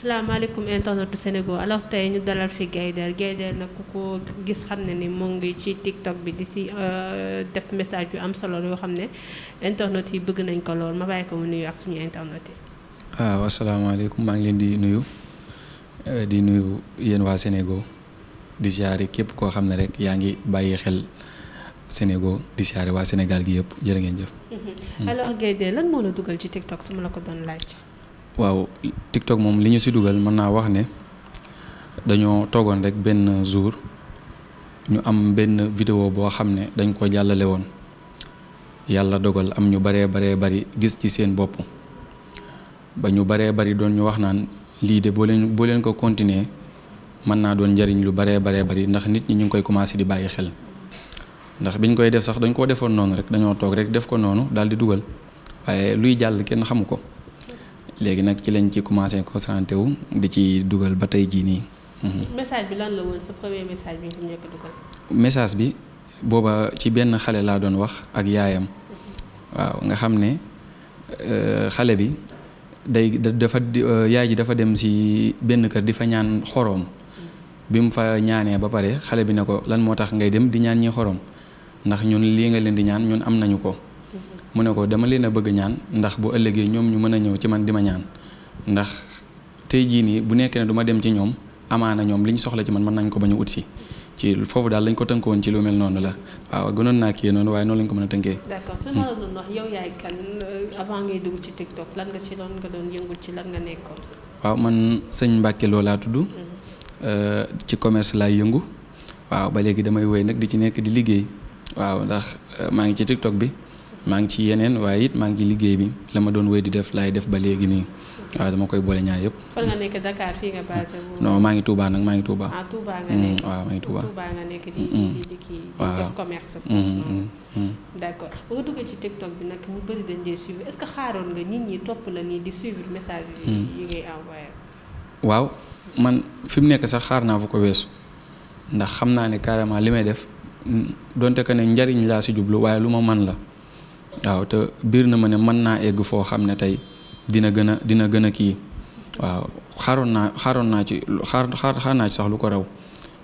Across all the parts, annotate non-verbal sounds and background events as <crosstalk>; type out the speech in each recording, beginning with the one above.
salaamaaleykum internetu Sénégal alors tey ñu dalal fi Gaydel Gaydel nag ku ko gis xam ne ni mu ngi ci TikTok bi di si euh, def message yu am solo yoo xam ne internet yi bëgg nañ ko lool ma bàyyi ko mu nuyu ak suñu internet yi. waaw asalaamaaleykum maa ngi leen di nuyu euh, di nuyu yéen waa Sénégal di siyaare képp koo xam ne rek yaa ngi bàyyi xel Sénégal di siyaare waa Sénégal gi yëpp jërë ngeen jëf. Mhm. Mm. alors Gaydel lan moo la ci TikTok su la ko doon laaj. waaw TikTok moom li ñu si dugal mën naa wax ne dañoo toogoon rek benn jour ñu am benn vidéo boo xam ne dañ ko jàllale woon yàlla dogal am ñu baree baree bari gis ci seen bopp ba ñu baree bari doon ñu wax naan lii de boo leen boo leen ko continuer mën naa doon njariñ lu baree baree bari ndax nit ñi ñu ngi koy commencé di bàyyi xel ndax biñ koy def sax dañ koo defoon noonu rek dañoo toog rek def ko noonu daal di dugal waaye luy jàll kenn xamu ko léegi nag ci lañ ci commencé concentré wu di ci dugal ba tey jii nii. Mhm. message bi booba ci benn xale laa doon wax ak yaayam. Mhm. waaw nga xam ne euh, xale bi day dafa euh, yaay ji dafa dem si benn kër di fa ñaan xoroom. Mhm. bi mu fa ñaanee ba pare xale bi ne ko lan moo tax ngay dem di ñaan ñi xorom ndax ñun lii nga leen di ñaan ñun am nañu ko. mu ne ko dama leen a bëgg ñaan ndax boo ëllëgee ñoom ñu mën a ñëw ci man di ma ñaan ndax tey jii nii bu nekkee ne du ma dem ci ñoom amaana ñoom li ñu soxla ci man mën nañ ko ba ñu ut si ci foofu daal lañ ko tënkoon ci lu mel noonu la waaw naa kii noonu waaye noonu lañ ko mën a tënkee. Euh, man sëñ Mbacke Lo laa tudd. Mm. Euh, ci commerce laay yëngu. waaw ba léegi damay wéy nag di ci nekk di liggéey. waaw ndax euh, maa ngi ci TikTok bi. maa ngi ci yeneen waaye it maa ngi ci liggéey bi la ma doon wéy di def laay def ba léegi nii waaw koy boole ñaar yëpp. fan maa ngi Touba nag maa ngi Touba. ah Touba nga mm, nekk waaw maa man fi mu nekk sax xaar naa fu ko weesu ndax xam naa ne carrément li may def donte que ne njariñ laa si jublu waaye lu ma man la. waaw te biir na ma ne mën naa egg foo xam ne tey dina gën a dina gën a kii waaw xaaroon naa xaron naa ci xaar xaar naa ci sax lu ko raw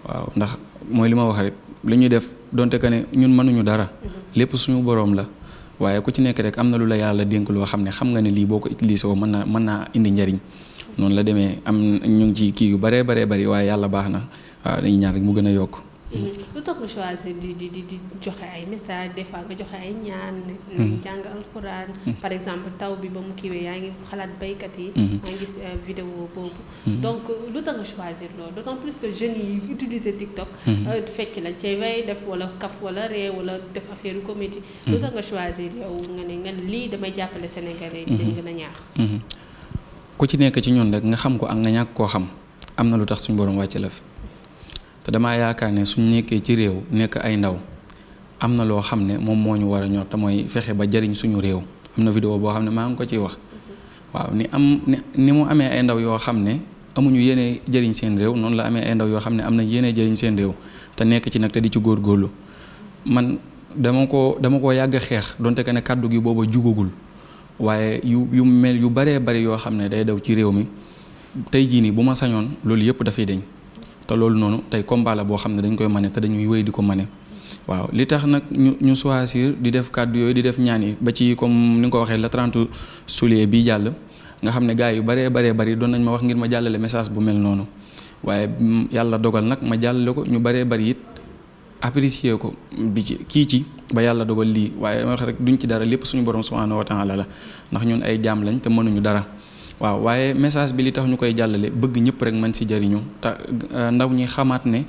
waaw ndax mooy li ma wax rek li ñuy def donte que ne ñun mënuñu dara lépp suñu boroom la waaye ko ci nekk rek am na lu la yàlla dénk loo xam ne xam nga ne lii boo ko utilisé wo mën naa mën naa indi njariñ noonu la demee am ñu ngi ci kii yu baree baree bari waaye yàlla baax na waaw dañuy ñaan mu gën a yokk lu mm. tax nga choisir di di di joxe ay message des fois nga joxe ay ñaan. Mm. jàng alxuraan. Mm. par exemple taw bi ba mu kiiwee yaa ngi xalaat baykat yi. maa ngi gis euh, vidéo boobu. donc lu tax nga choisir loolu d' que jeunes yi utiliser TikTok. Euh, fecc la cay way def wala kaf wala ree wala def affaire comédie. lu tax nga choisir yow lii damay jàppale Sénégalais yi. dañ mm-hmm. gën a ñaax. Mm-hmm. ku ci nekk ci ñun rek nga xam ko ak nga ñàkk koo xam am na lu tax suñu borom wàcce la fi. te damaa yaakaar ne suñ nekkee ci réew nekk ay ndaw am na loo xam ne moom moo ñu war a ñor te mooy fexe ba jariñ suñu réew am na vidéo boo xam ne maa ngi ko ciy wax waaw ni am ni mu amee ay yoo xam ne amuñu yéene jëriñ seen réew noonu la amee ay yoo xam ne am nañ yéene jëriñ seen réew te nekk ci nag di ci góorgóorlu man dama ko dama ko yàgg xeex donte que ne kàddu gi boobu jugagul waaye yu yu mel yu baree bari yoo xam ne day daw ci réew mi tey jii nii bu ma sañoon loolu yëpp dafay deñ te loolu noonu tey combat la boo xam ne dañ koy mane te dañuy wéy di ko mane waaw li tax nag ñu ñu choisir di def kàddu yooyu di def ñaan yi ba ci comme ni nga ko waxee la 30 juillet bii jàll nga xam ne gars yu baree baree bari doon nañ ma wax ngir ma jàllale message bu mel noonu waaye yàlla dogal nag ma jàllale ko ñu baree bari it apprécier ko bi ci kii ci ba yàlla dogal lii waaye wax rek duñ ci dara lépp suñu borom subhanahu wa taala la ndax ñun ay jaam lañ te mënuñu dara waaw waaye message bi li tax ñu koy jàllale bëgg ñëpp rek mën si jariñoo te euh, ndaw ñi xamaat ne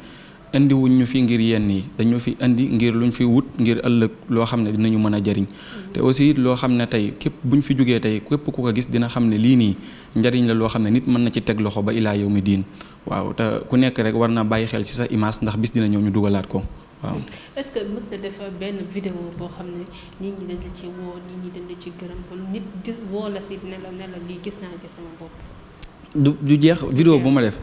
indi wuñ ñu fi ngir yenn yi dañu fi indi ngir lu ñu fi wut ngir ëllëg loo xam ne dinañu mën a jariñ mm-hmm. te aussi loo xam ne tey képp bu ñu fi jógee tey képp ku ko gis dina xam ne lii nii njëriñ la loo xam ne nit mën na ci teg loxo ba ilaa yow mi diin waaw te ku nekk rek war na bàyyi xel ci sa image ndax bis dina ñëw ñu dugalaat ko waaw est-ce mës nga def benn vidéo boo xam ne nit gis naa ci sama bopp. du du jeex vidéo bu ma def.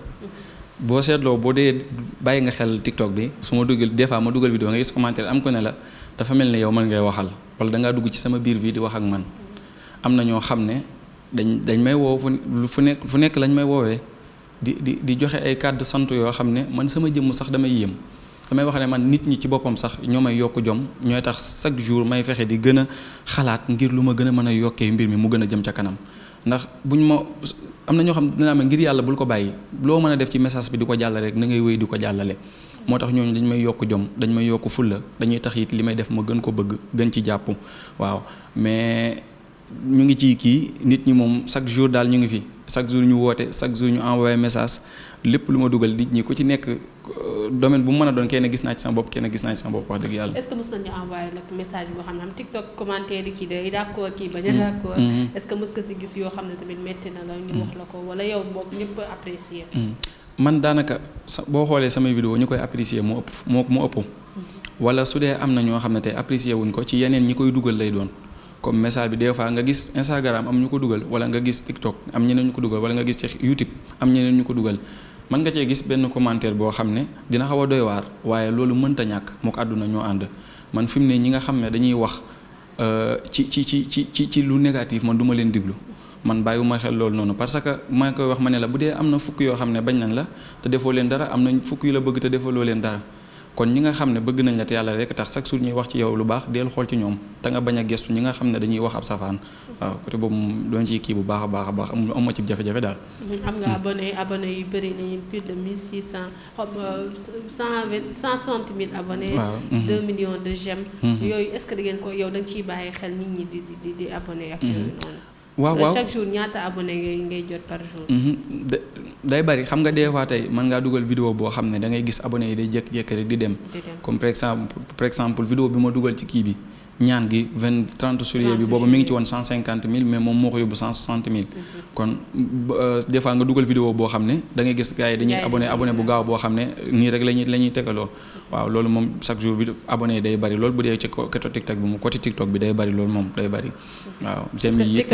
boo seetloo boo dee bàyyi nga xel TikTok bi su ma dugal des fois ma dugal vidéo nga gis commentaire am ko ne la dafa mel ne yow man ngay waxal wala dangaa dugg ci sama biir bi di wax ak man am na ñoo xam ne dañ dañ may woo fu nekk fu nekk lañ may woowee di di di joxe ay kàddu sant yoo xam ne man sama jëmm sax damay yéem. damay wax ne man nit ñi ci boppam sax ñoo may yokk jom ñooy tax chaque jour may fexe di gën a xalaat ngir lu ma gën a mën a yokkee mbir mi mu gën a jëm ca kanam ndax bu ñu ma am na ñoo xam dinaa ma ngir yàlla bul ko bàyyi loo mën a def ci message bi di ko jàllale na ngay wéy di ko jàllale moo tax ñooñu dañ may yokk jom dañ may yokk fulla dañuy tax yit li may def ma gën ko bëgg gën ci jàpp waaw mais ñu ngi ci kii nit ñi moom chaque jour daal ñu ngi fi chaque jour ñu woote chaque jour ñu envoyé message lépp lu ma dugal nit ñi ku ci nekk Euh, domaine bu mu mën a doon kenn gis naa ci sama bopp kenn gis naa sama bopp wax dëgg yàlla. est-ce nañu envoyé nag message yoo xam ne am TikTok commentaire yi kii day d'accord kii bañ a mm-hmm. d'accord. Mm-hmm. est-ce gis yoo xam ne mm-hmm. man daanaka sa boo xoolee sama vidéo ñu koy apprécier moo ëpp mu moo ëpp. wala su dee am na ñoo xam ne tey apprécier wuñ ko ci yeneen ñi koy dugal lay doon. comme message bi des fois nga gis Instagram am ñu ko dugal wala nga gis TikTok am ñeneen ñu ko dugal wala nga gis ci YouTube am ñeneen ñu ko dugal man nga cee gis benn commentaire boo xam ne dina xaw a doy waar waaye loolu mënta ñàkk mook àdduna ñoo ànd man fi mu ne ñi nga xam ne dañuy wax euh, ci ci ci ci ci ci lu négatif man duma leen diglu man bàyyiwuma xel loolu noonu parce que maa ngi koy wax ma ne la bu dee am na fukk yoo xam ne bañ nañ la te defoo leen dara am na fukk yi la bëgg te defaloo leen dara kon ñi nga xam ne bëgg nañ la te yàlla rek tax chaque jour ñuy wax ci yow lu baax deel xool ci ñoom te nga bañ a gestu ñi nga xam ne dañuy wax ab safaan waaw côté boobu doon ci kii bu baax a baax a baax am am daal. am nga abonné abonné yu bëri nañu plus de 1600 160 000 abonnés. waaw 2 mhm. millions de j'aime. Mhm. yooyu est-ce que da ngeen ko yow da ciy bàyyi xel nit ñi di di di abonné ak mhm. yooyu noonu. waaw waaw ñaata abonné ngay ngay jot par jour. Mhm. day bari xam nga des fois tey mën ngaa dugal vidéo boo xam ne da ngay gis abone yi day jékki-jékki rek di dem. comme par exemple par exemple vidéo bi ma dugal ci kii bi ñaan gi vingt trente souliers bi booba mi ngi ci woon cent cinquante mille mais moom moo ko yóbbu cent soixante mille. Mm-hmm. kon euh, des nga dugal vidéo boo xam ne da ngay gis gars yi dañuy abonné abonné bu gaaw boo xam ne nii rek la ñuy la ñuy tegaloo waaw loolu moom chaque jour bi abonné day bari loolu bu dee ci côté TikTok bi mu côté TikTok bi day bari loolu moom day bari mm-hmm. waaw. j'aime yi it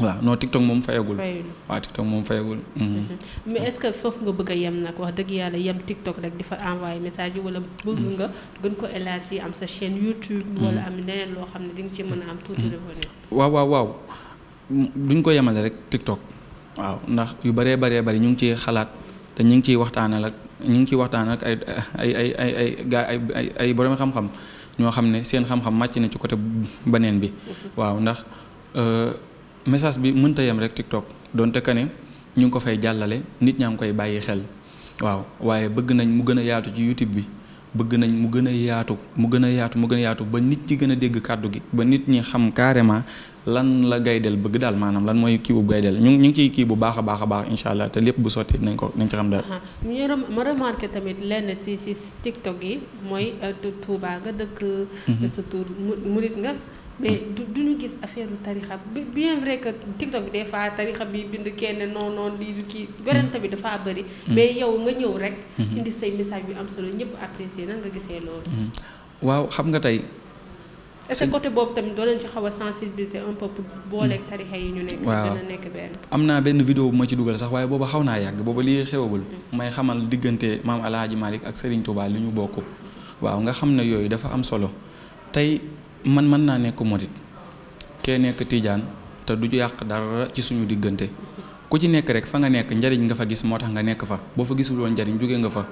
waaw non TikTok moom fayagul. fayagul waaw TikTok moom fayagul. Mhm. Mm-hmm. mais est-ce que foofu nga bëgg a yem nag wax dëgg yàlla yem TikTok rek di fa envoyer message yi wala mm-hmm. bëgg nga gën ko élargir am sa chaîne YouTube. Mm-hmm. wala am leneen loo xam ne di nga ci mën a am tuuti revenu. waaw waaw waaw mm, duñ ko yemale rek TikTok. waaw ndax yu bëree bëree bëri ñu ngi ciy xalaat te ñu ngi ciy waxtaanal ak ñu ngi ciy waxtaanal ak ay ay ay ay ay ay ay ay borom xam-xam ñoo xam ne seen xam-xam màcc na ci côté beneen bi. Euh, message bi mënta yem rek TikTok donte que ne ñu ngi ko fay jàllale nit ñaa ngi koy bàyyi xel waaw waaye bëgg nañ mu gën a yaatu ci YouTube bi bëgg nañ mu gën a yaatu mu gën a yaatu mu gën a yaatu ba nit ñi gën a dégg kàddu gi ba nit ñi xam carrément lan la gaydel bëgg daal maanaam lan mooy kii bu gaydel ñu ñu ngi ciy kii bu baax a baax a baax incha allah te lépp bu sotti nañ ko nañ ci xam daal. ñu ma remarqué tamit lenn si si TikTok yi mooy euh, Touba nga dëkk. Mhm. sa tur murit nga. mais du ñu gis affaire tarixa bien vrai que TikTok bi des fois tarixa bi bind kenn non non lii du kii mm. werante bi dafa bëri. Mm. mais yow nga ñëw rek. Mm-hmm. indi say message bi am solo ñëpp apprécier nan nga gisee loolu. Mm-hmm. waaw xam nga tey. est-ce côté boobu tamit xaw a sensibiliser un peu pour booleeg tarixa yi ñu nekk. benn. am naa benn vidéo bu ma ci dugal sax waaye booba xaw naa yàgg booba lii xewagul. Mm. may xamal diggante maam El Hadj Malick ak Serigne Touba li ñu bokk. waaw nga xam ne yooyu dafa am solo tey. man mën naa nekk murit kee nekk tijaan te du yàq dara ci suñu diggante ku ci nekk rek fa nga nekk njariñ nga fa gis moo tax nga nekk fa boo fa gisul woon njariñ jóge nga fa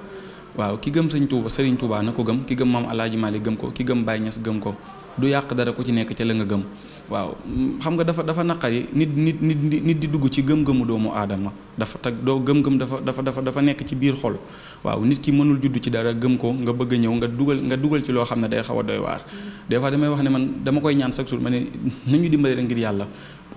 waaw ki gëm sëñ Touba sëriñ Touba na ko gëm ki gëm maam Alaaji Maalik gëm ko ki gëm Baay Ñas gëm ko du yàq dara ko ci nekk ci la nga gëm waaw xam nga dafa dafa naqari nit nit nit nit di dugg ci gëm-gëmu doomu aadama dafa tag doo gëm-gëm dafa dafa dafa dafa nekk ci biir xol waaw nit ki mënul juddu ci dara gëm ko nga bëgg ñëw nga dugal nga dugal ci loo xam ne day xaw a doy waar des fois damay wax ne man dama koy ñaan chaque jour ma ne nañu dimbale rek ngir yàlla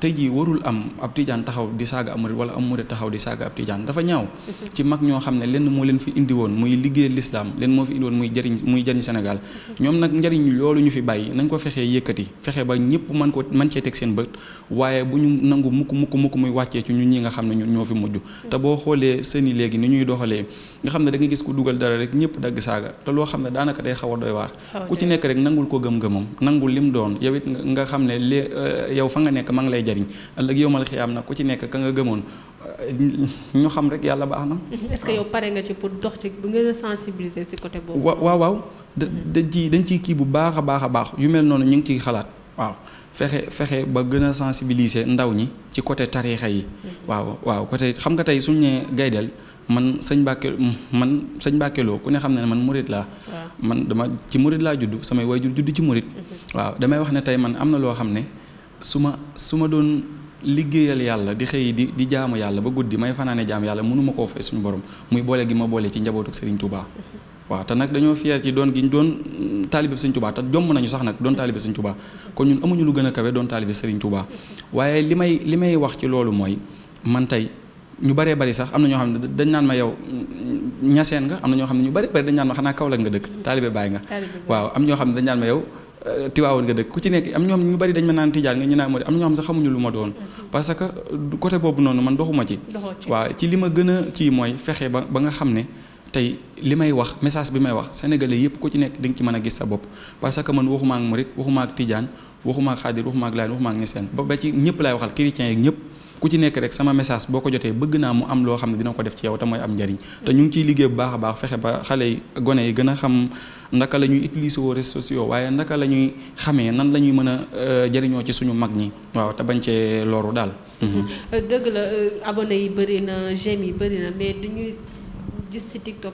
te jii warul am ab tijaan taxaw di saaga am murit wala am murit taxaw di saaga ab tijaan dafa ñaaw mhm. ci mag ñoo xam ne lenn moo leen fi indi woon muy liggéey lislaam lenn moo fi indi woon muy jëriñ muy jëriñ Sénégal mhm. ñoom nag njëriñ loolu ñu fi bàyyi nañ ko fexee yëkkati fexe ba ñëpp man ko man cee teg seen bët waaye bu ñu nangu mukk mukk mukk muy wàccee ci ñun ñi nga xam ne ñun ñoo fi mujj mhm. te boo xoolee sëni léegi ni ñuy doxalee nga xam ne da gis ku dugal dara rek ñëpp dagg saaga te loo xam ne daanaka day xaw a doy ku ci nekk rek nangul ko gëm-gëmam nangul lim doon yow it nga xam ne euh, yow fa nga nekk ma lay lay jariñ ëllëg yowmal xiyaam nag ku ci nekk ka nga gëmoon euh, ñu xam rek yàlla baax na. <laughs> est yow pare nga ci pour dox ci bu ngeen a sensibiliser ci côté boobu. wa waaw waaw da dañ ciy kii bu baax a baax a baax yu mel noonu ñu ngi ciy xalaat waaw. fexe fexe ba gën a sensibiliser ndaw ñi ci côté tariixa yi. Mm-hmm. waaw waaw côté xam nga tey suñu nee gaydel man sëñ Mbàkke man sëñ Mbàkke ku ne xam ne man murit laa. man dama ci murit laa judd samay waajur judd ci murit. Mm-hmm. waaw na loo xam ne. su ma su ma doon liggéeyal yàlla di xëy di di jaamu yàlla ba guddi may fanaane jaam yàlla mënu ma koo fay suñu borom muy boole gi ma boole ci njabootu Serigne Touba. waaw te nag dañoo fier ci doon giñ doon taalibe Serigne Touba te jomm nañu sax nag doon taalibe Serigne Touba kon ñun amuñu lu gën a kawe doon taalibe Serigne Touba waaye li may li may wax ci loolu mooy man tey ñu baree bari sax am na ñoo xam ne dañ naan ma yow ñaseen nga am na ñoo xam ne ñu baree bari dañ naan ma xanaa Kaolack nga dëkk taalibe Baay nga waaw am ñoo xam ne dañ naan ma yow Euh, tiwaawoon nga dëkk ku ci nekk am ñoom ñu bari dañ ma naan tijaan nga ñu naan mooy am ñoo xam sax xamuñu lu ma doon mm-hmm. parce que côté boobu noonu man doxuma ci waaw ci li ma gën a kii mooy fexe ba ba nga xam ne tey li may wax message bi may wax sénégalais yëpp ku ci nekk di nga ci mën a gis sa bopp parce que man waxuma ak murit waxuma ak tijaan waxuma ak xaadir waxuma ak laay waxuma ak ñeseen ba ba ci ñëpp laay waxal chrétiens yeeg ñëpp ku ci nekk rek sama message boo ko jotee bëgg naa mu am loo xam ne dina ko def ci yow te mooy am njariñ te ñu ngi liggéey baax a baax fexe ba xale yi gone yi gën a xam naka la ñuy réseaux sociaux waaye naka la ñuy xamee nan la ñuy mën a euh, jariñoo ci suñu mag ñi waaw te bañ cee loru daal dëgg la euh, abonné yi bëri na yi bëri na mais duñuy gis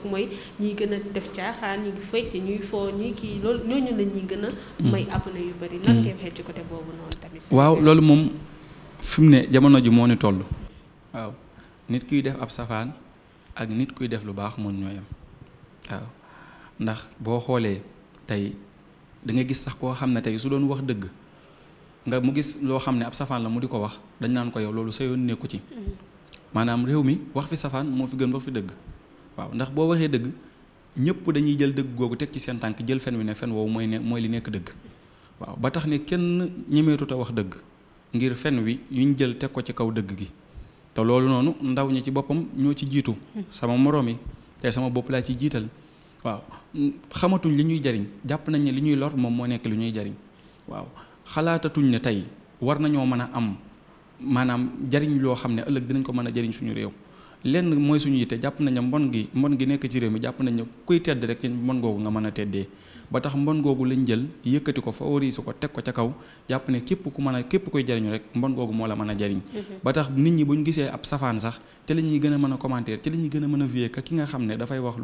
mooy ñiy gën a def kii loolu ñooñu gën a. Mm. may côté boobu waaw loolu moom fi mu ne jamono ji moo ni toll. waaw nit kuy def ab safaan ak nit kuy def lu baax mun ñooyam waaw ndax boo xoolee tey da gis sax koo xam ne tey su doon wax dëgg. nga mu gis loo xam ne ab safaan la mu di ko wax dañ naan ko yow loolu sa yoon nekku ci mm. maanaam réew mi wax fi safaan moo fi gën wax fi dëgg waaw ndax boo waxee dëgg ñëpp dañuy jël dëgg googu teg ci seen tànk jël fen wi ne fen woowu mooy ne mooy li nekk dëgg waaw ba tax ne kenn ñemeetut a wax dëgg ngir fen wi yuñ jël teg ko ci kaw dëgg gi te loolu noonu ndaw ñi ci boppam ñoo ci jiitu sama moroom yi tey sama bopp laa ci jiital waaw xamatuñ li ñuy jariñ jàpp nañ ne li ñuy lor moom moo nekk li ñuy jariñ waaw xalaatatuñ ne tey war nañoo mën a am maanaam jariñ loo xam ne ëllëg dinañ ko mën a jariñ suñu réew lenn mooy suñu yitte jàpp nañ ne mbon gi mbon gi nekk ci réew mi jàpp nañ ne kuy tedd rek ci mbon googu nga mën a teddee ba tax mbon googu lañ jël yëkkati ko favoriser ko teg ko ca kaw jàpp ne képp ku mën a képp kuy jariñu rek mbon googu moo la mën a jariñ mhm. ba tax nit ñi buñ gisee ab safaan sax ci la ñuy gën a mën a a mën a vie ka ki nga xam ne dafay wax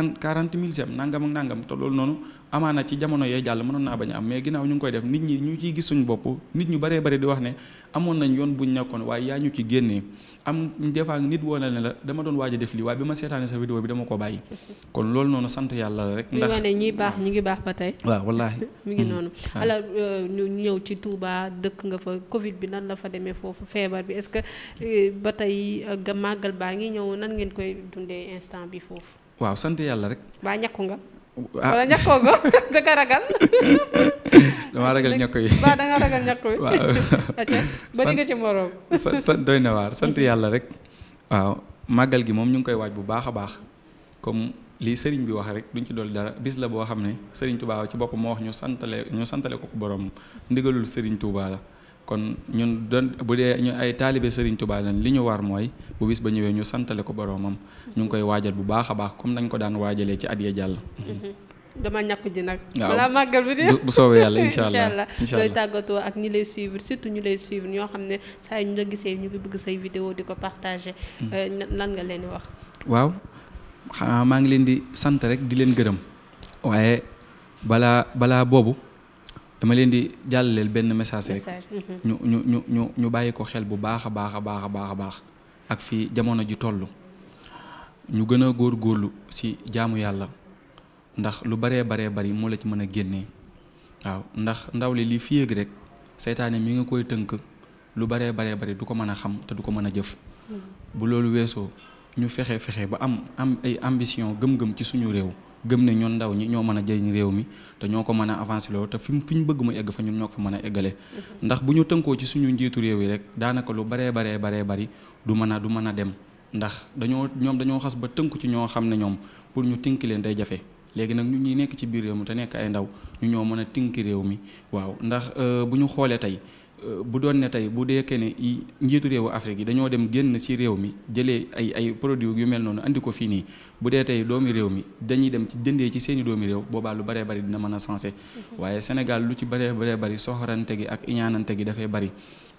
quarante quarante mille sem nangam ak nangam te loolu noonu amaana ci jamono yee jàll mënoon naa bañ a am mais ginnaaw ñu ngi koy def nit ñi ñu ciy gis suñu bopp nit ñu baree bari di wax ne amoon nañ yoon buñ nekkoon waaye yaa ñu a def lii waaye bi ma sa la rek ndax ñi baax ngi baax ba tey waaw wallaahi <laughs> mi ngi hmm. noonu alors euh, ñëw ci Touba dëkk nga fa Covid bi nan la fa demee foofu feebar bi est-ce que euh, ba tey ga euh, màggal baa ngi ñëw nan ngeen koy dundee instant bi foofu waaw sant yàlla rek. waa ñàkku nga. Ah. wala ñàkkoo nga <laughs> da ragal. <laughs> damaa ragal ñàkk yi. da <laughs> ba di ci moroom. sant doy na waar sant yàlla rek. waaw màggal gi moom ñu ngi koy waaj bu baaxa baax comme lii sëriñ bi wax rek duñ ci dool dara bis la boo xam ne sëriñ Touba ci boppam moo wax ñu santale ñu santale ko ko borom ndigalul sëriñ Touba la. kon ñun doon bu dee ñu ay taalibe Serigne Touba lañ li ñu war mooy bu bis ba ñëwee ñu santale ko boroomam ñu ngi koy waajal bu baax a baax comme nañ ko daan waajalee ci at ya jàll. <laughs> dama ñàkk ji nag. waaw balaa màggal bi de. bu soobee yàlla <laughs> incha allah incha tàggatoo ak ñi lay suivre surtout ñu lay suivre ñoo xam ne saa ñu la gisee ñu ngi bëgg say vidéo di ko partager. Hmm. Euh, lan nga leen di wax. waaw xanaa maa ngi leen di sant rek di leen gërëm waaye balaa balaa boobu. dama leen di jàllaleel benn message rek mhm. ñu ñu ñu ñu bàyyi ko xel bu baax a baax a baax a baax a baax ak fi jamono ji toll ñu gën a góorlu si jaamu yàlla ndax lu baree baree bari moo la ci mën a génnee waaw ndax ndaw li lii fi yëg rek seytaane mi nga koy tënk lu baree baree bari du ko mën a xam te du ko mën a jëf mhm. bu loolu weesoo ñu fexe fexe ba am am ay ambition gëm-gëm ci suñu réew gëm ne ñun ndaw ñi ñoo mën a jëriñ réew mi te ñoo ko mën a avancer loolu te fi fi ñu bëgg mu egg fa ñun ñoo ko fa mën a eggale ndax bu ñu tënkoo ci suñu njiitu réew yi rek daanaka lu baree baree baree bari du mën a du mën a dem ndax dañoo ñoom dañoo xas ba tënku ci ñoo xam ne ñoom pour ñu tinki leen day jafe léegi nag ñu ñuy nekk ci biir réew mi te nekk ay ndaw ñu ñoo mën a tinki réew mi waaw ndax euh, bu ñu xoolee tey Euh, bu doon ne tey bu dee ne njiitu réew Afrique yi dañoo dem génn ci réew mi jëlee ay ay produits yu mel noonu indi ko fii nii bu dee tey doomi réew mi dañuy dem ci dëndee ci seeni doomi réew boobaal lu baree bari dina mën a sensé mm-hmm. waaye Sénégal lu ci baree baree bari soxorante gi ak iñaanante gi dafay bari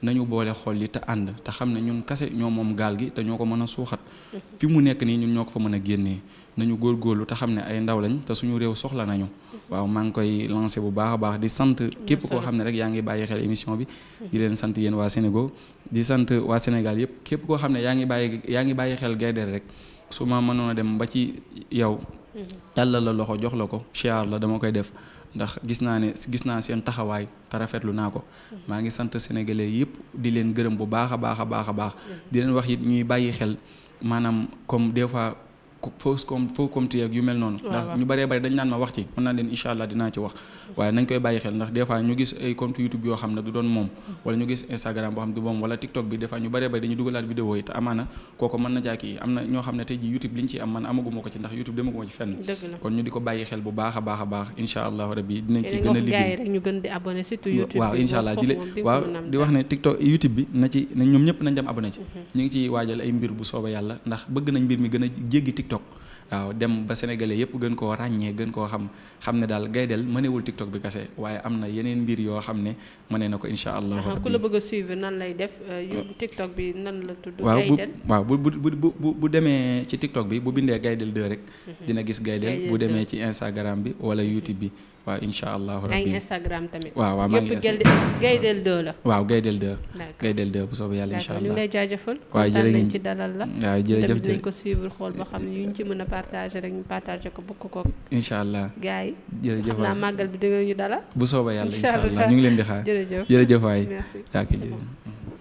nañu boole xol li te ànd te xam ne ñun kase ñoo moom gaal gi te ñoo ko mën a suuxat mm-hmm. fi mu nekk nii ñun ñoo ko fa mën a génnee nañu góorlu te xam ne ay ndaw lañ te suñu réew soxla nañu waaw maa ngi koy lancé bu baax a baax di sant képp koo xam ne rek yaa ngi bàyyi xel émission bi di leen sant yéen waa Sénégal di sant waa Sénégal yëpp képp koo xam ne yaa ngi bàyyi yaa ngi bàyyi xel Gaydel rek su ma mënoon dem ba ci yow tàllal la loxo jox la ko siyaar la dama koy def ndax gis naa ne gis naa seen taxawaay te rafetlu naa ko maa ngi sant sénégalais yëpp di leen gërëm bu baax a baax a baax a baax di leen wax it ñuy bàyyi xel maanaam comme des fois fausse comme faux comme ti ak yu mel noonu ndax ñu bëree bëri dañ naan ma wax ci mën naa leen incha allah dinaa wax waaye nañ koy YouTube bi na ci a ne ñoom ñëpp nañ dem abonné ci mhm. ñu ngi ci waajal ay mbir bu sooba yàlla ndax bëgg nañ mbir mi gën a jéggi TikTok TikTok waaw dem ba sénégalais yëpp gën koo ràññee gën koo xam xam ne daal Gaydel mënewul TikTok bi kase waaye am na yeneen mbir yoo xam ne mëne na ko incha allah. ku la bëgg a suivre nan lay def. Euh, TikTok bi nan la tudd. Gaydel waaw bu bu bu bu bu demee ci TikTok bi bu bindee Gaydel 2 rek. Mhm. dina gis Gaydel bu demee ci Instagram bi wala YouTube bi. waaw incha allahu rabbi Instagram tamit. waaw waaw maa ngi Gaydel 2 la. waaw Gaydel 2. Gaydel 2 bu soobee yàlla incha allah ñu lay jaajëfal. waaw jërëjëf ci dalal la. waaw jërëjëf tamit ko suivre xool ba xam ne yu ñu ci mën a partagé rek ñu ko bokk ko. incha allah gars yi. jërëjëf waay xam bi dangeen ñu dalal. bu soobee yàlla incha ñu ngi leen di xaar. jërëjëf jërëjëf